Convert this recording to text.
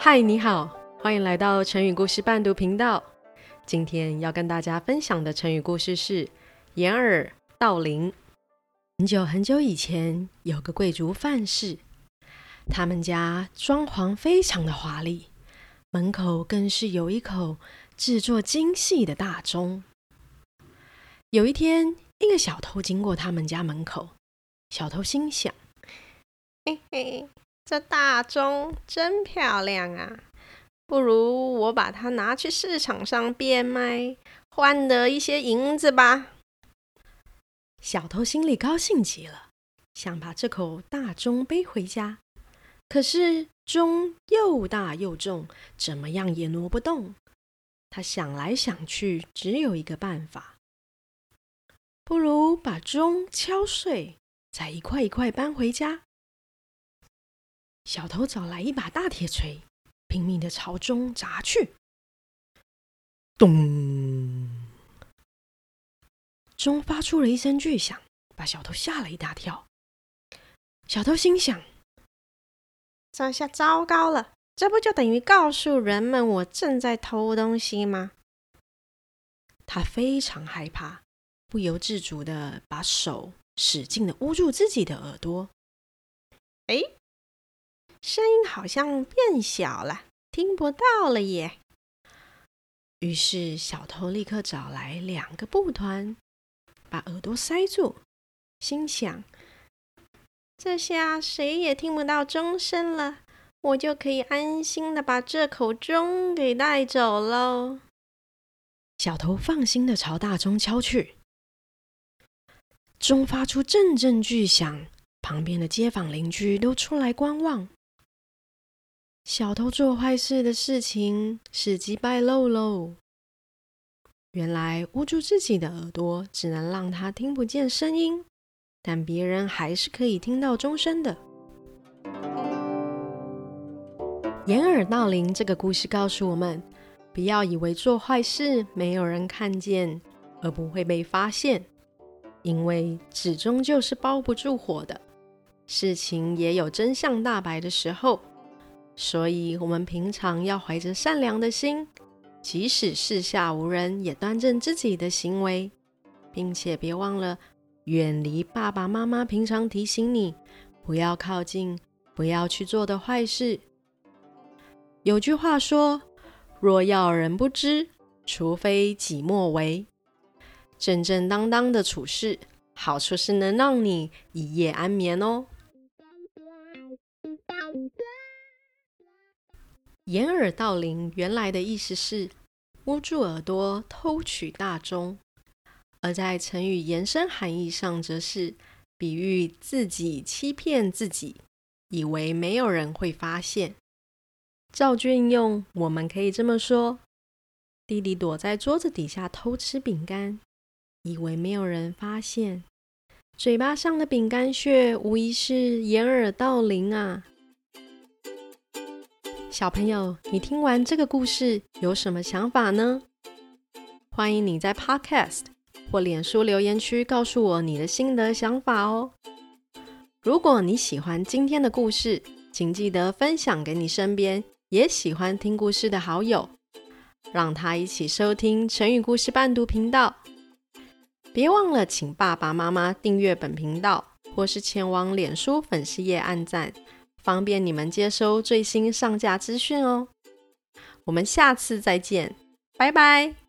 嗨，Hi, 你好，歡迎來到成語故事伴讀頻道。今天要跟大家分享的成語故事是“掩耳盜鈴”。很久很久以前，有個貴族范氏，他們家裝潢非常的華麗，門口更是有一口製作精細的大鐘。有一天，一個小偷經過他們家門口，小偷心想：“嘿嘿。”這大鐘真漂亮啊！不如我把它拿去市場上變賣，換得一些銀子吧。小偷心裡高興極了，想把這口大鐘背回家，可是鐘又大又重，怎麼樣也挪不動。他想來想去，只有一個辦法：不如把鐘敲碎，再一塊一塊搬回家。小偷找來一把大鐵錘，拼命的朝鐘砸去。咚！鐘發出了一聲巨響，把小偷嚇了一大跳。小偷心想：“這下糟糕了，這不就等於告訴人們我正在偷東西嗎？”他非常害怕，不由自主的把手使勁的捂住自己的耳朵。誒！聲音好像變小了，聽不到了耶。於是小偷立刻找來兩個布團，把耳朵塞住，心想：這下誰也聽不到鐘聲了，我就可以安心的把這口鐘給帶走嘍。小偷放心的朝大鐘敲去，鐘發出陣陣巨響，旁邊的街坊鄰居都出來觀望。小偷做壞事的事情，事跡敗露嘍。原來捂住自己的耳朵，只能讓他聽不見聲音，但別人還是可以聽到鐘聲的。掩耳盜鈴這個故事告訴我們：不要以為做壞事沒有人看見，而不會被發現，因為紙終究是包不住火的。事情也有真相大白的時候。所以，我們平常要懷着善良的心，即使四下無人，也端正自己的行為，並且別忘了遠離爸爸媽媽平常提醒你不要靠近、不要去做的壞事。有句話說：“若要人不知，除非己莫為。”正正當當的處事，好處是能讓你一夜安眠哦。掩耳盜鈴，原來的意思是捂住耳朵偷取大鐘，而在成語延伸含義上，則是比喻自己欺騙自己，以為沒有人會發現。造句運用，我們可以這麼說：弟弟躲在桌子底下偷吃餅乾，以為沒有人發現，嘴巴上的餅乾屑無疑是掩耳盜鈴啊。小朋友，你聽完這個故事有什麼想法呢？歡迎你在 Podcast 或臉書留言區告訴我你的心得想法哦。如果你喜歡今天的故事，請記得分享給你身邊也喜歡聽故事的好友，讓他一起收聽成語故事伴讀頻道。別忘了請爸爸媽媽訂閱本頻道，或是前往臉書粉絲頁按讚。方便你們接收最新上架資訊哦，我們下次再見，拜拜。